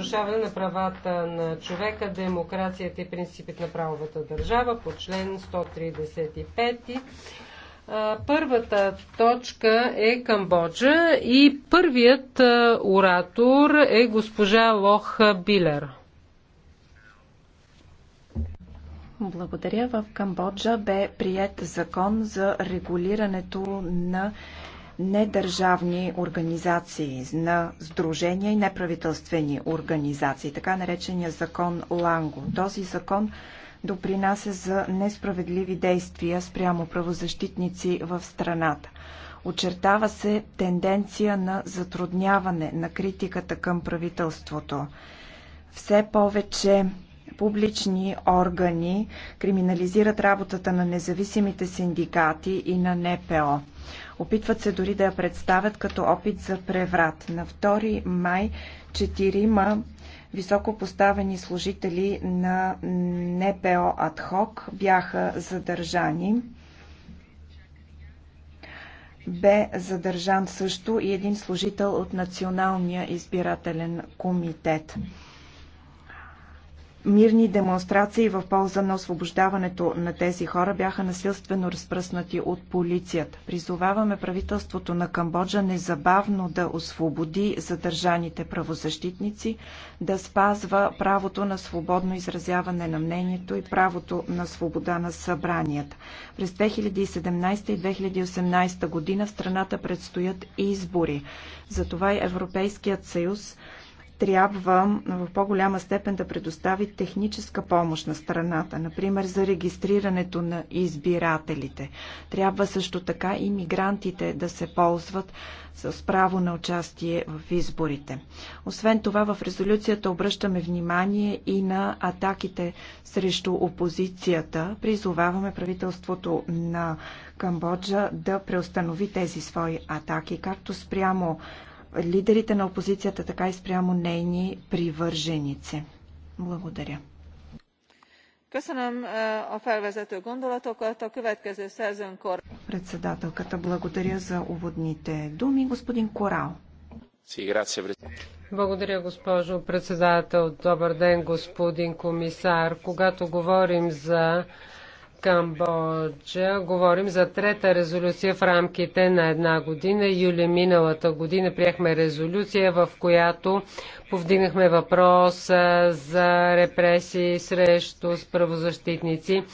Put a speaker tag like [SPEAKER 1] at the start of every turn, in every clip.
[SPEAKER 1] нарушаване на правата на човека, демокрацията и принципите на правовата държава по член 135. Първата точка е Камбоджа и първият оратор е госпожа Лох Билер. Благодаря.
[SPEAKER 2] В Камбоджа бе прият закон за регулирането на недържавни организации, на сдружения и неправителствени организации, така наречения закон Ланго. Този закон допринася за несправедливи действия спрямо правозащитници в страната. Очертава се тенденция на затрудняване на критиката към правителството. Все повече публични органи криминализират работата на независимите синдикати и на НПО. Опитват се дори да я представят като опит за преврат. На 2 май четирима високо поставени служители на НПО Адхок бяха задържани. Бе задържан също и един служител от Националния избирателен комитет мирни демонстрации в полза на освобождаването на тези хора бяха насилствено разпръснати от полицията. Призоваваме правителството на Камбоджа незабавно да освободи задържаните правозащитници, да спазва правото на свободно изразяване на мнението и правото на свобода на събранията. През 2017 и 2018 година в страната предстоят избори. Затова и Европейският съюз трябва в по-голяма степен да предостави техническа помощ на страната, например за регистрирането на избирателите. Трябва също така и мигрантите да се ползват с право на участие в изборите. Освен това, в резолюцията обръщаме внимание и на атаките срещу опозицията. Призоваваме правителството на Камбоджа да преустанови тези свои атаки, както спрямо лидерите на опозицията, така и спрямо нейни привърженици. Благодаря.
[SPEAKER 1] Eh,
[SPEAKER 2] Председателката благодаря за уводните думи. Господин Корал.
[SPEAKER 1] Благодаря, госпожо председател. Добър ден, господин комисар. Когато говорим за Камбоджа. Говорим за трета резолюция в рамките на една година. Юли миналата година приехме резолюция, в която повдигнахме въпрос за репресии срещу правозащитници.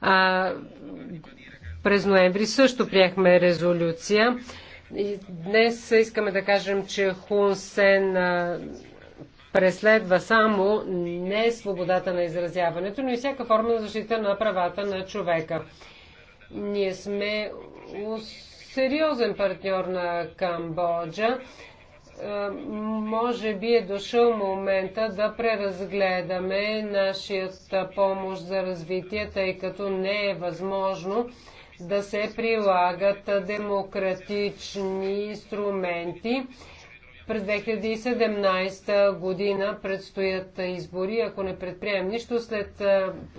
[SPEAKER 1] А, през ноември също приехме резолюция. И днес искаме да кажем, че Хун Сен преследва само не свободата на изразяването, но и всяка форма на защита на правата на човека. Ние сме сериозен партньор на Камбоджа. Е, може би е дошъл момента да преразгледаме нашата помощ за развитие, тъй като не е възможно да се прилагат демократични инструменти през 2017 година предстоят избори. Ако не предприемем нищо, след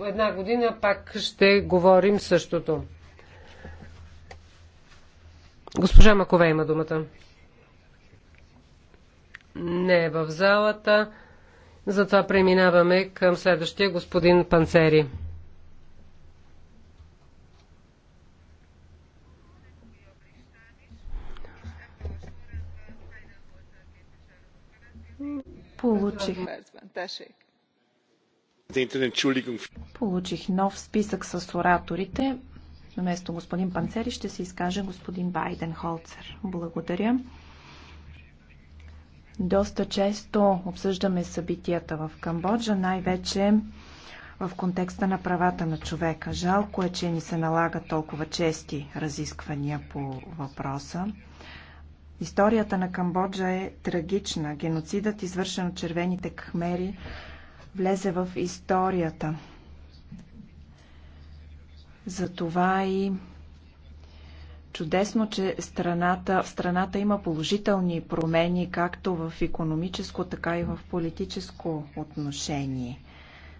[SPEAKER 1] една година пак ще говорим същото. Госпожа Макове има думата. Не е в залата. Затова преминаваме към следващия господин Панцери. Получих.
[SPEAKER 2] Получих нов списък с ораторите. Вместо господин Панцери ще се изкаже господин Байден Холцер. Благодаря. Доста често обсъждаме събитията в Камбоджа, най-вече в контекста на правата на човека. Жалко е, че ни се налага толкова чести разисквания по въпроса. Историята на Камбоджа е трагична. Геноцидът, извършен от червените кхмери, влезе в историята. Затова и чудесно, че страната, в страната има положителни промени, както в економическо, така и в политическо отношение.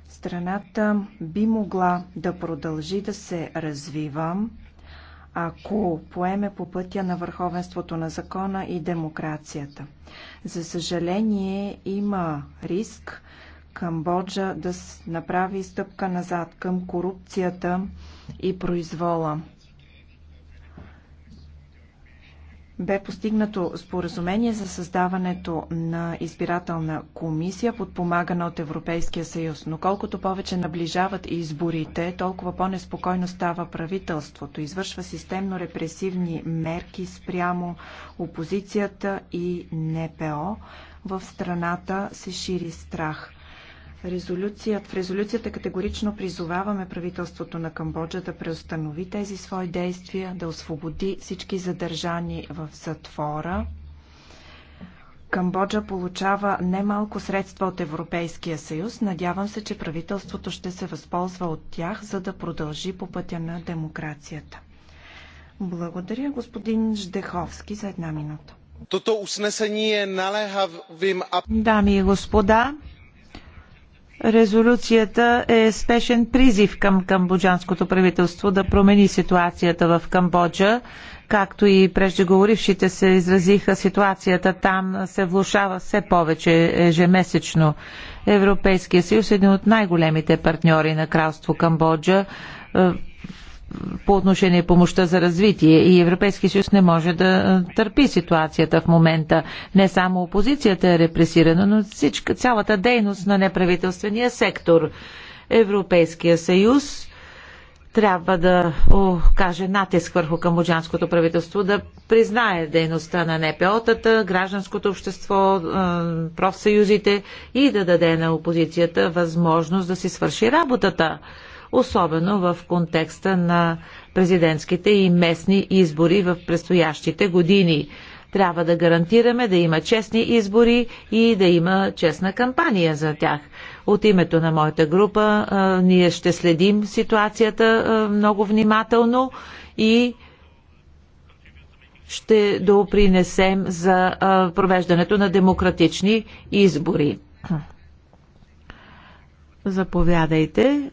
[SPEAKER 2] Страната би могла да продължи да се развива, ако поеме по пътя на върховенството на закона и демокрацията. За съжаление има риск Камбоджа да направи стъпка назад към корупцията и произвола. бе постигнато споразумение за създаването на избирателна комисия, подпомагана от Европейския съюз. Но колкото повече наближават изборите, толкова по-неспокойно става правителството. Извършва системно репресивни мерки спрямо опозицията и НПО. В страната се шири страх – Резолюцията. в резолюцията категорично призоваваме правителството на Камбоджа да преустанови тези свои действия, да освободи всички задържани в затвора. Камбоджа получава немалко средства от Европейския съюз. Надявам се, че правителството ще се възползва от тях, за да продължи по пътя на демокрацията. Благодаря господин Ждеховски
[SPEAKER 3] за една минута. Дами и господа, Резолюцията е спешен призив към камбоджанското правителство да промени ситуацията в Камбоджа. Както и преждеговорившите се изразиха, ситуацията там се влушава все повече ежемесечно. Европейския съюз е един от най-големите партньори на кралство Камбоджа по отношение помощта за развитие и Европейския съюз не може да търпи ситуацията в момента. Не само опозицията е репресирана, но всичка, цялата дейност на неправителствения сектор. Европейския съюз трябва да окаже натиск върху камбоджанското правителство да признае дейността на НПО-тата, гражданското общество, профсъюзите и да даде на опозицията възможност да си свърши работата особено в контекста на президентските и местни избори в предстоящите години. Трябва да гарантираме да има честни избори и да има честна кампания за тях. От името на моята група а, ние ще следим ситуацията а, много внимателно и ще допринесем за а, провеждането на демократични избори. Заповядайте.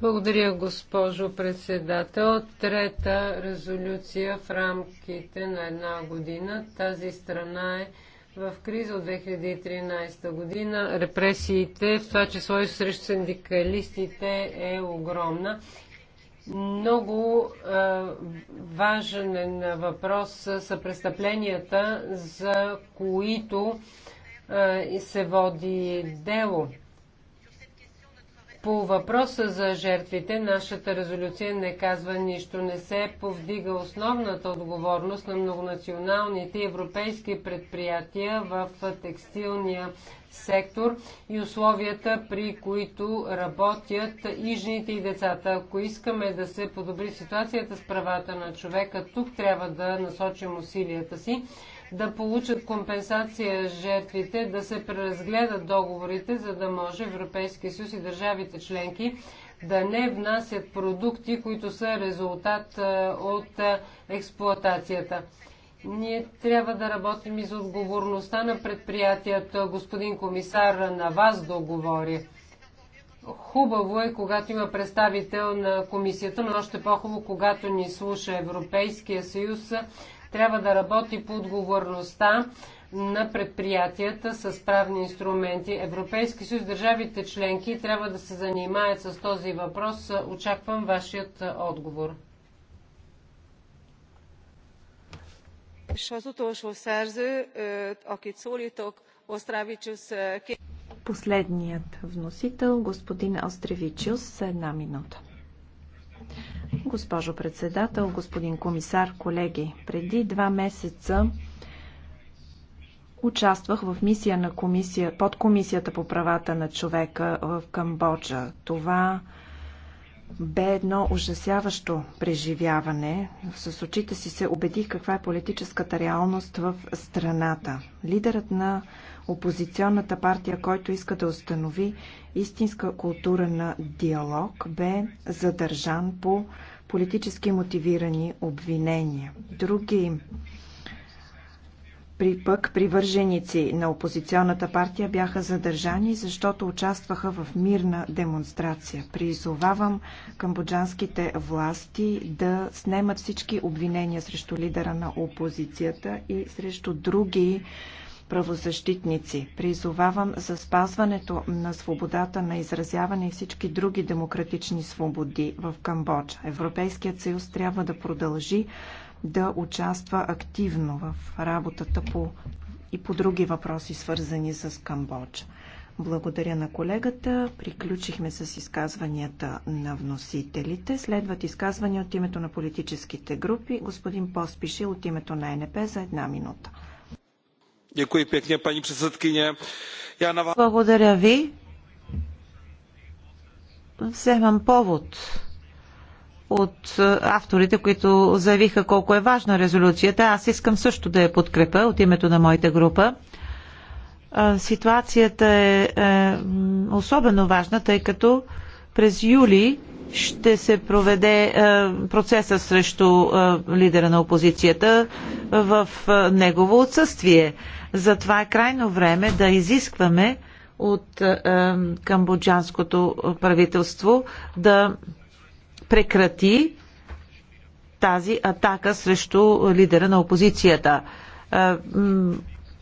[SPEAKER 1] Благодаря, госпожо председател. Трета резолюция в рамките на една година. Тази страна е в криза от 2013 година. Репресиите, в това число и срещу синдикалистите, е огромна. Много е, важен въпрос са престъпленията, за които е, се води дело. По въпроса за жертвите, нашата резолюция не казва нищо. Не се повдига основната отговорност на многонационалните европейски предприятия в текстилния сектор и условията, при които работят и жените и децата. Ако искаме да се подобри ситуацията с правата на човека, тук трябва да насочим усилията си да получат компенсация жертвите, да се преразгледат договорите, за да може Европейския съюз и държавите членки да не внасят продукти, които са резултат от експлоатацията. Ние трябва да работим и за отговорността на предприятията. Господин комисар, на вас да говори. Хубаво е, когато има представител на комисията, но още по-хубаво, когато ни слуша Европейския съюз, трябва да работи по отговорността на предприятията с правни инструменти. Европейски съюз, държавите членки трябва да се занимаят с този въпрос. Очаквам вашият отговор.
[SPEAKER 2] Последният вносител, господин Остревичус, за една минута. Госпожо председател, господин комисар, колеги, преди два месеца участвах в мисия на комисия, под комисията по правата на човека в Камбоджа. Това бе едно ужасяващо преживяване. С очите си се убедих каква е политическата реалност в страната. Лидерът на опозиционната партия, който иска да установи истинска култура на диалог, бе задържан по политически мотивирани обвинения. Други при пък привърженици на опозиционната партия бяха задържани, защото участваха в мирна демонстрация. Призовавам камбоджанските власти да снемат всички обвинения срещу лидера на опозицията и срещу други правозащитници. Призовавам за спазването на свободата на изразяване и всички други демократични свободи в Камбоджа. Европейският съюз трябва да продължи да участва активно в работата по и по други въпроси, свързани с Камбоджа. Благодаря на колегата. Приключихме с изказванията на вносителите. Следват изказвания от името на политическите групи. Господин Поспиши е от името на
[SPEAKER 3] НП за една минута. Благодаря ви. Вземам повод от е, авторите, които заявиха колко е важна резолюцията. Аз искам също да я подкрепя от името на моята група. Е, ситуацията е, е, особено важна, тъй като през юли ще се проведе процеса срещу лидера на опозицията в негово отсъствие. Затова е крайно време да изискваме от камбоджанското правителство да прекрати тази атака срещу лидера на опозицията.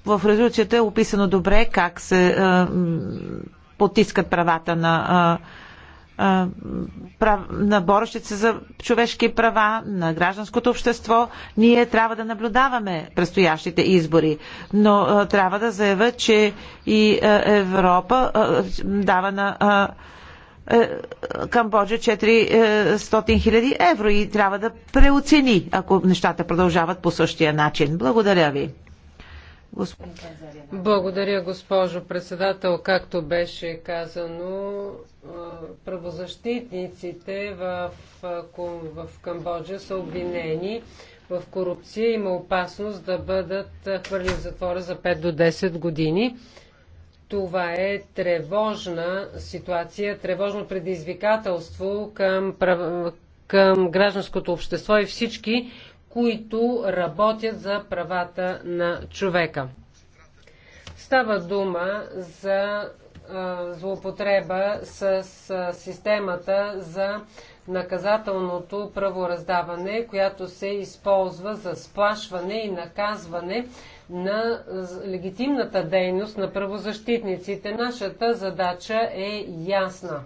[SPEAKER 3] В резолюцията е описано добре как се потискат правата на на борещите се за човешки права, на гражданското общество, ние трябва да наблюдаваме предстоящите избори. Но трябва да заявя, че и Европа дава на е, Камбоджа 400 е, хиляди евро и трябва да преоцени, ако нещата продължават по същия начин. Благодаря ви.
[SPEAKER 1] Благодаря, госпожо председател. Както беше казано, е, правозащитниците в, в Камбоджа са обвинени в корупция. Има опасност да бъдат хвърли в затвора за 5 до 10 години. Това е тревожна ситуация, тревожно предизвикателство към, прав... към гражданското общество и всички, които работят за правата на човека. Става дума за злоупотреба с системата за наказателното правораздаване, която се използва за сплашване и наказване на легитимната дейност на правозащитниците. Нашата задача е ясна.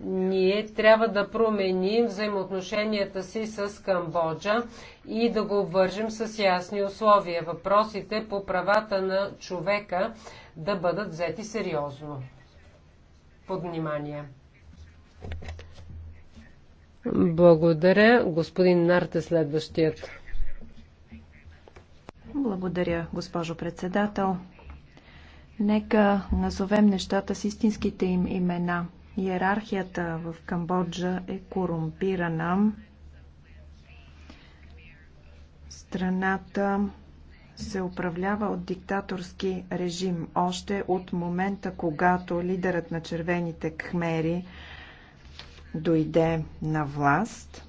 [SPEAKER 1] Ние трябва да променим взаимоотношенията си с Камбоджа и да го обвържим с ясни условия. Въпросите по правата на човека да бъдат взети сериозно. Под внимание. Благодаря. Господин Нарте, следващият. Благодаря, госпожо председател. Нека назовем
[SPEAKER 2] нещата с истинските им имена. Иерархията в Камбоджа е корумпирана. Страната се управлява от диктаторски режим още от момента, когато лидерът на червените кхмери дойде на власт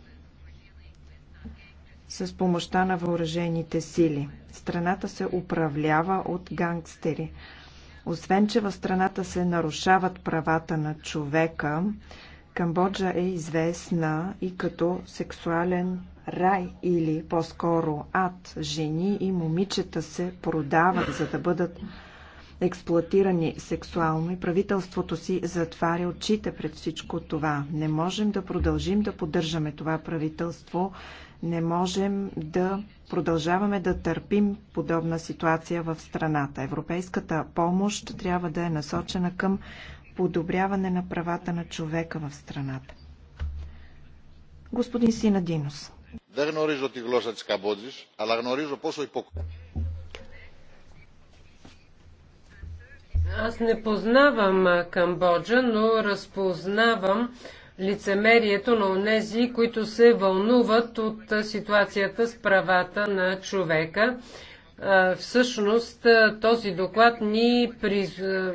[SPEAKER 2] с помощта на въоръжените сили. Страната се управлява от гангстери. Освен, че в страната се нарушават правата на човека, Камбоджа е известна и като сексуален рай или по-скоро ад. Жени и момичета се продават, за да бъдат експлуатирани сексуално и правителството си затваря очите пред всичко това. Не можем да продължим да поддържаме това правителство, не можем да продължаваме да търпим подобна ситуация в страната. Европейската помощ трябва да е насочена към подобряване на правата на човека в страната. Господин Синадинос.
[SPEAKER 3] Δεν γνωρίζω τη γλώσσα της Καμπότζης, αλλά γνωρίζω πόσο
[SPEAKER 1] υποκρίνει Аз не познавам Камбоджа, но разпознавам лицемерието на онези, които се вълнуват от ситуацията с правата на човека. Всъщност този доклад ни, при,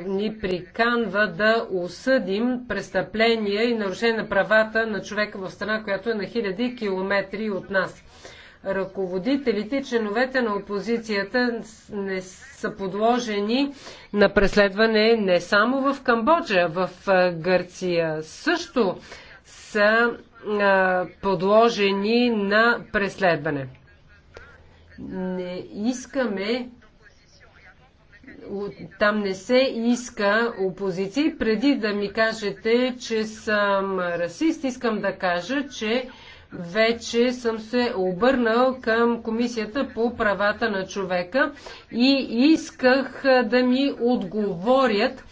[SPEAKER 1] ни приканва да осъдим престъпления и нарушение на правата на човека в страна, която е на хиляди километри от нас ръководителите и членовете на опозицията не са подложени на преследване не само в Камбоджа, в Гърция също са подложени на преследване. Не искаме там не се иска опозиции. Преди да ми кажете, че съм расист, искам да кажа, че вече съм се обърнал към Комисията по правата на човека и исках да ми отговорят,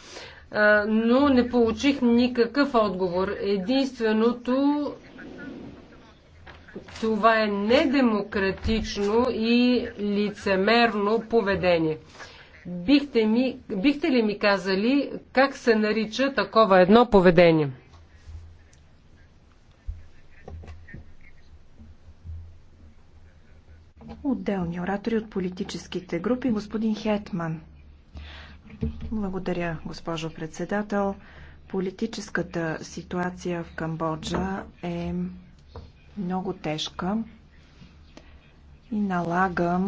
[SPEAKER 1] но не получих никакъв отговор. Единственото това е недемократично и лицемерно поведение. Бихте, ми, бихте ли ми казали как се нарича такова едно поведение?
[SPEAKER 2] Отделни оратори от политическите групи. Господин Хетман. Благодаря, госпожо председател. Политическата ситуация в Камбоджа е много тежка и налага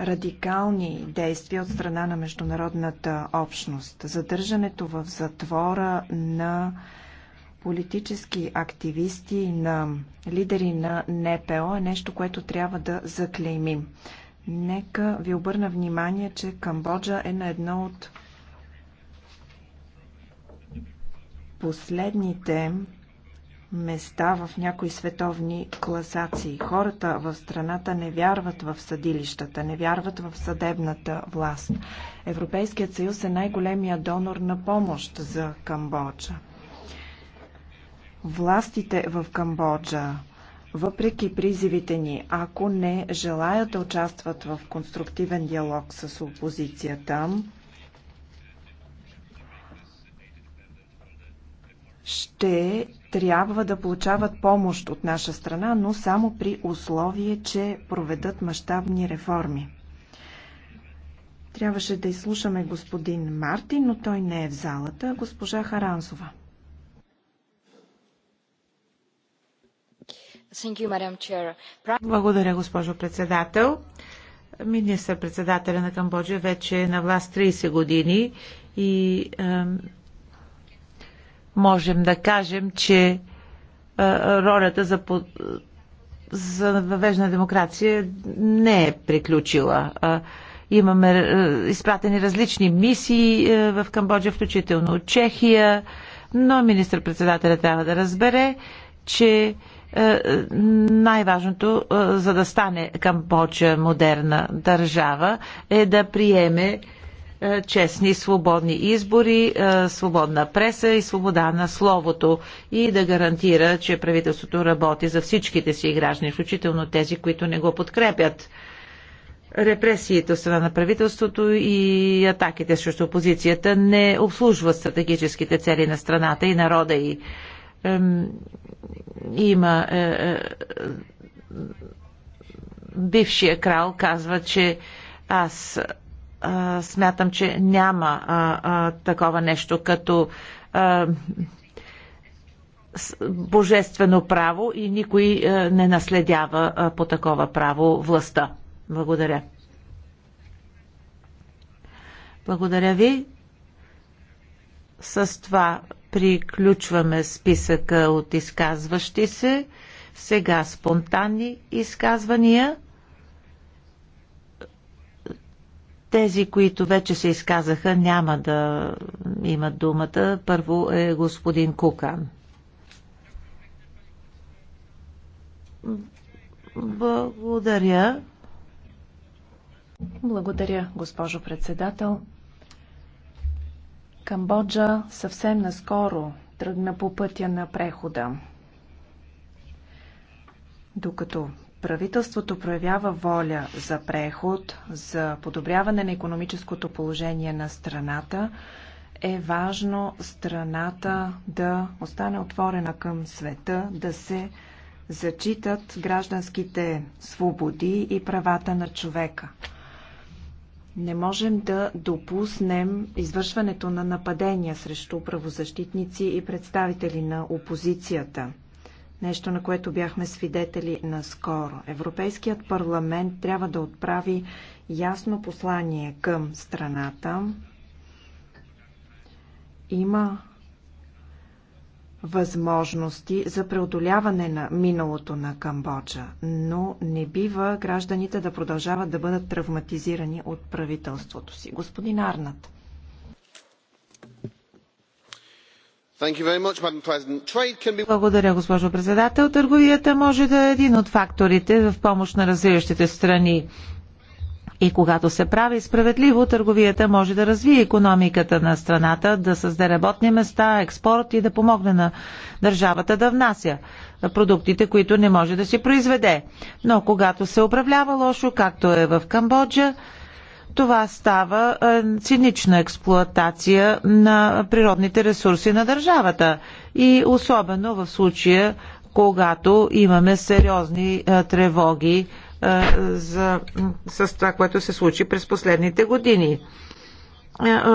[SPEAKER 2] радикални действия от страна на международната общност. Задържането в затвора на политически активисти, на лидери на НПО е нещо, което трябва да заклеймим. Нека ви обърна внимание, че Камбоджа е на едно от последните места в някои световни класации. Хората в страната не вярват в съдилищата, не вярват в съдебната власт. Европейският съюз е най-големия донор на помощ за Камбоджа. Властите в Камбоджа, въпреки призивите ни, ако не желаят да участват в конструктивен диалог с опозицията, ще трябва да получават помощ от наша страна, но само при условие, че проведат мащабни реформи. Трябваше да изслушаме господин Мартин, но той не е в залата. Госпожа Харанзова.
[SPEAKER 3] Благодаря, госпожо председател. Министър-председателя на Камбоджа вече е на власт 30 години и е, можем да кажем, че е, ролята за, под, за въвеждане демокрация не е приключила. Е, имаме е, изпратени различни мисии е, в Камбоджа, включително от Чехия, но министър-председателя трябва да разбере, че е, е, е, най-важното, е, за да стане Камбоджа модерна държава, е да приеме честни, свободни избори, свободна преса и свобода на словото и да гарантира, че правителството работи за всичките си граждани, включително тези, които не го подкрепят. Репресиите от страна на правителството и атаките срещу опозицията не обслужват стратегическите цели на страната и народа и има е, е, бившия крал казва, че аз е, смятам, че няма е, е, такова нещо като е, божествено право и никой е, не наследява е, по такова право властта. Благодаря. Благодаря ви. С това Приключваме списъка от изказващи се. Сега спонтанни изказвания. Тези, които вече се изказаха, няма да имат думата. Първо е господин Кукан. Благодаря.
[SPEAKER 2] Благодаря, госпожо председател. Камбоджа съвсем наскоро тръгна по пътя на прехода. Докато правителството проявява воля за преход, за подобряване на економическото положение на страната, е важно страната да остане отворена към света, да се зачитат гражданските свободи и правата на човека. Не можем да допуснем извършването на нападения срещу правозащитници и представители на опозицията. Нещо, на което бяхме свидетели наскоро. Европейският парламент трябва да отправи ясно послание към страната. Има възможности за преодоляване на миналото на Камбоджа, но не бива гражданите да продължават да бъдат травматизирани от правителството си. Господин Арнат.
[SPEAKER 3] Благодаря, госпожо председател. Търговията може да е един от факторите в помощ на развиващите страни. И когато се прави справедливо, търговията може да развие економиката на страната, да създаде работни места, експорт и да помогне на държавата да внася продуктите, които не може да си произведе. Но когато се управлява лошо, както е в Камбоджа, това става е, цинична експлоатация на природните ресурси на държавата. И особено в случая, когато имаме сериозни е, тревоги за, с това, което се случи през последните години.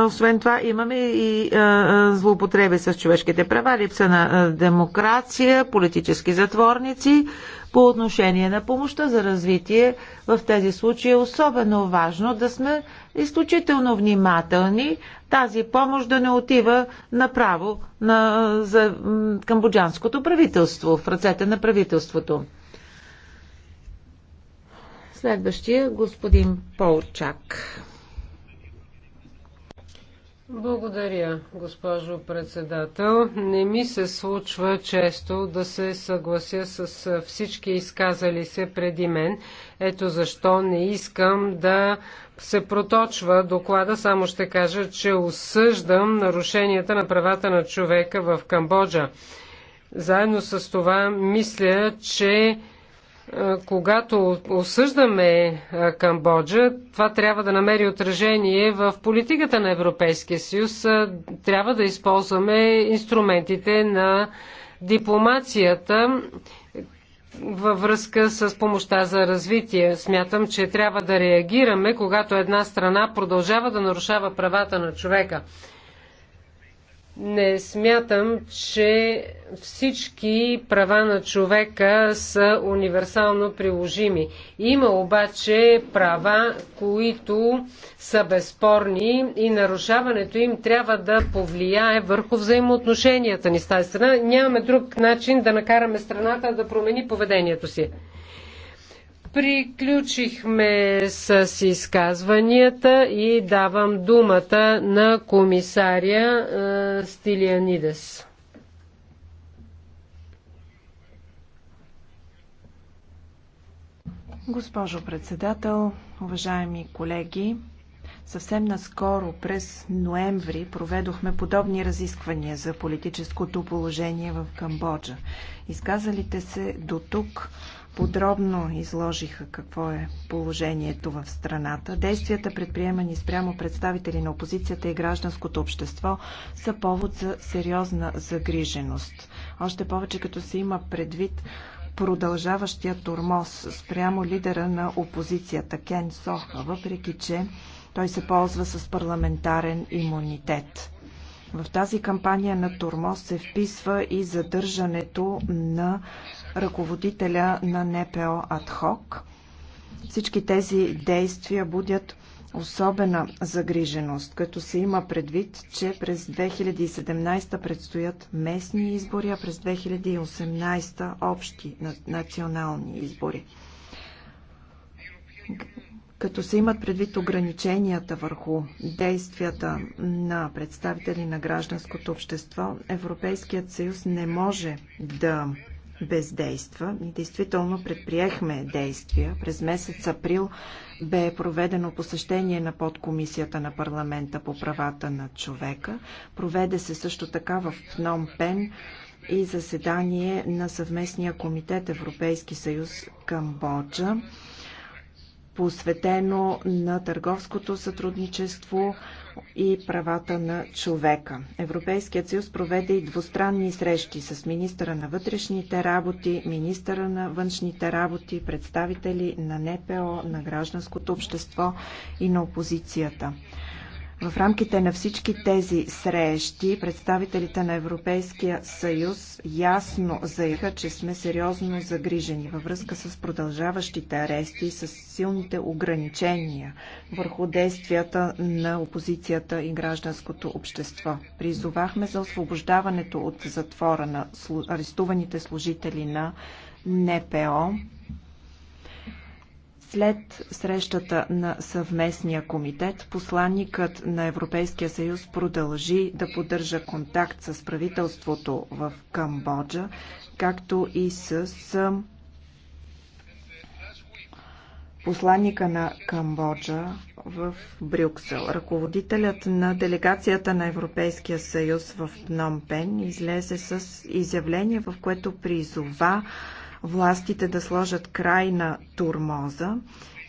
[SPEAKER 3] Освен това имаме и злоупотреби с човешките права, липса на демокрация, политически затворници. По отношение на помощта за развитие в тези случаи е особено важно да сме изключително внимателни тази помощ да не отива направо на, за камбоджанското правителство, в ръцете на правителството. Следващия е господин Полчак.
[SPEAKER 1] Благодаря, госпожо председател. Не ми се случва често да се съглася с всички изказали се преди мен. Ето защо не искам да се проточва доклада, само ще кажа, че осъждам нарушенията на правата на човека в Камбоджа. Заедно с това мисля, че когато осъждаме Камбоджа, това трябва да намери отражение в политиката на Европейския съюз. Трябва да използваме инструментите на дипломацията във връзка с помощта за развитие. Смятам, че трябва да реагираме, когато една страна продължава да нарушава правата на човека. Не смятам, че всички права на човека са универсално приложими. Има обаче права, които са безспорни и нарушаването им трябва да повлияе върху взаимоотношенията ни с тази страна. Нямаме друг начин да накараме страната да промени поведението си. Приключихме с изказванията и давам думата на комисаря е, Стилианидес.
[SPEAKER 2] Госпожо председател, уважаеми колеги, съвсем наскоро през ноември проведохме подобни разисквания за политическото положение в Камбоджа. Изказалите се до тук подробно изложиха какво е положението в страната. Действията, предприемани спрямо представители на опозицията и гражданското общество, са повод за сериозна загриженост. Още повече като се има предвид продължаващия тормоз спрямо лидера на опозицията Кен Соха, въпреки че той се ползва с парламентарен имунитет. В тази кампания на Турмоз се вписва и задържането на ръководителя на НПО Адхок. Всички тези действия будят особена загриженост, като се има предвид, че през 2017 предстоят местни избори, а през 2018 общи национални избори като се имат предвид ограниченията върху действията на представители на гражданското общество, Европейският съюз не може да бездейства. действително предприехме действия. През месец април бе проведено посещение на подкомисията на парламента по правата на човека. Проведе се също така в Пном Пен и заседание на съвместния комитет Европейски съюз Камбоджа посветено на търговското сътрудничество и правата на човека. Европейският съюз проведе и двустранни срещи с министъра на вътрешните работи, министъра на външните работи, представители на НПО, на гражданското общество и на опозицията. В рамките на всички тези срещи представителите на Европейския съюз ясно заявиха, че сме сериозно загрижени във връзка с продължаващите арести и с силните ограничения върху действията на опозицията и гражданското общество. Призовахме за освобождаването от затвора на арестуваните служители на НПО, след срещата на съвместния комитет, посланникът на Европейския съюз продължи да поддържа контакт с правителството в Камбоджа, както и с посланника на Камбоджа в Брюксел. Ръководителят на делегацията на Европейския съюз в Пномпен излезе с изявление, в което призова властите да сложат край на турмоза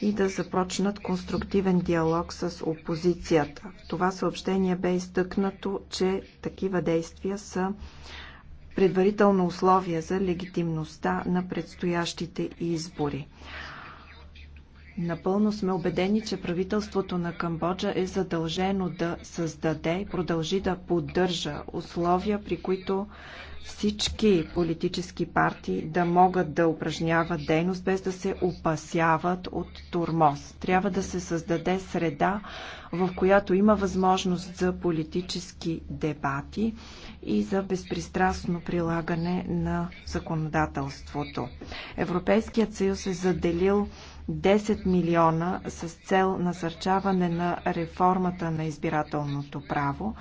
[SPEAKER 2] и да започнат конструктивен диалог с опозицията. В това съобщение бе изтъкнато, че такива действия са предварително условие за легитимността на предстоящите избори. Напълно сме убедени, че правителството на Камбоджа е задължено да създаде и продължи да поддържа условия, при които всички политически партии да могат да упражняват дейност без да се опасяват от турмоз. Трябва да се създаде среда, в която има възможност за политически дебати и за безпристрастно прилагане на законодателството. Европейският съюз е заделил 10 милиона с цел насърчаване на реформата на избирателното право.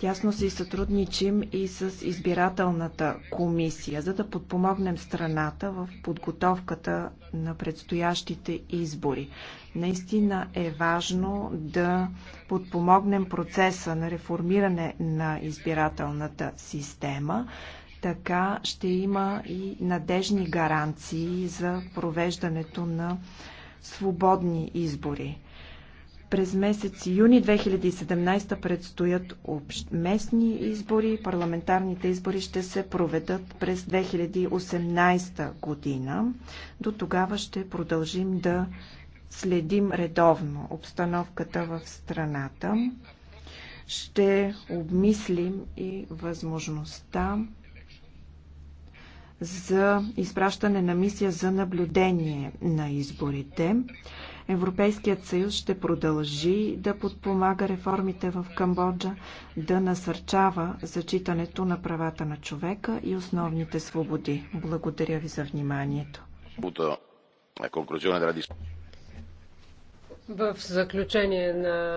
[SPEAKER 2] Тясно си сътрудничим и с избирателната комисия, за да подпомогнем страната в подготовката на предстоящите избори. Наистина е важно да подпомогнем процеса на реформиране на избирателната система. Така ще има и надежни гаранции за провеждането на свободни избори. През месец юни 2017 предстоят общ... местни избори. Парламентарните избори ще се проведат през 2018 година. До тогава ще продължим да следим редовно обстановката в страната. Ще обмислим и възможността за изпращане на мисия за наблюдение на изборите. Европейският съюз ще продължи да подпомага реформите в Камбоджа, да насърчава зачитането на правата на човека и основните свободи. Благодаря ви за вниманието.
[SPEAKER 1] В заключение на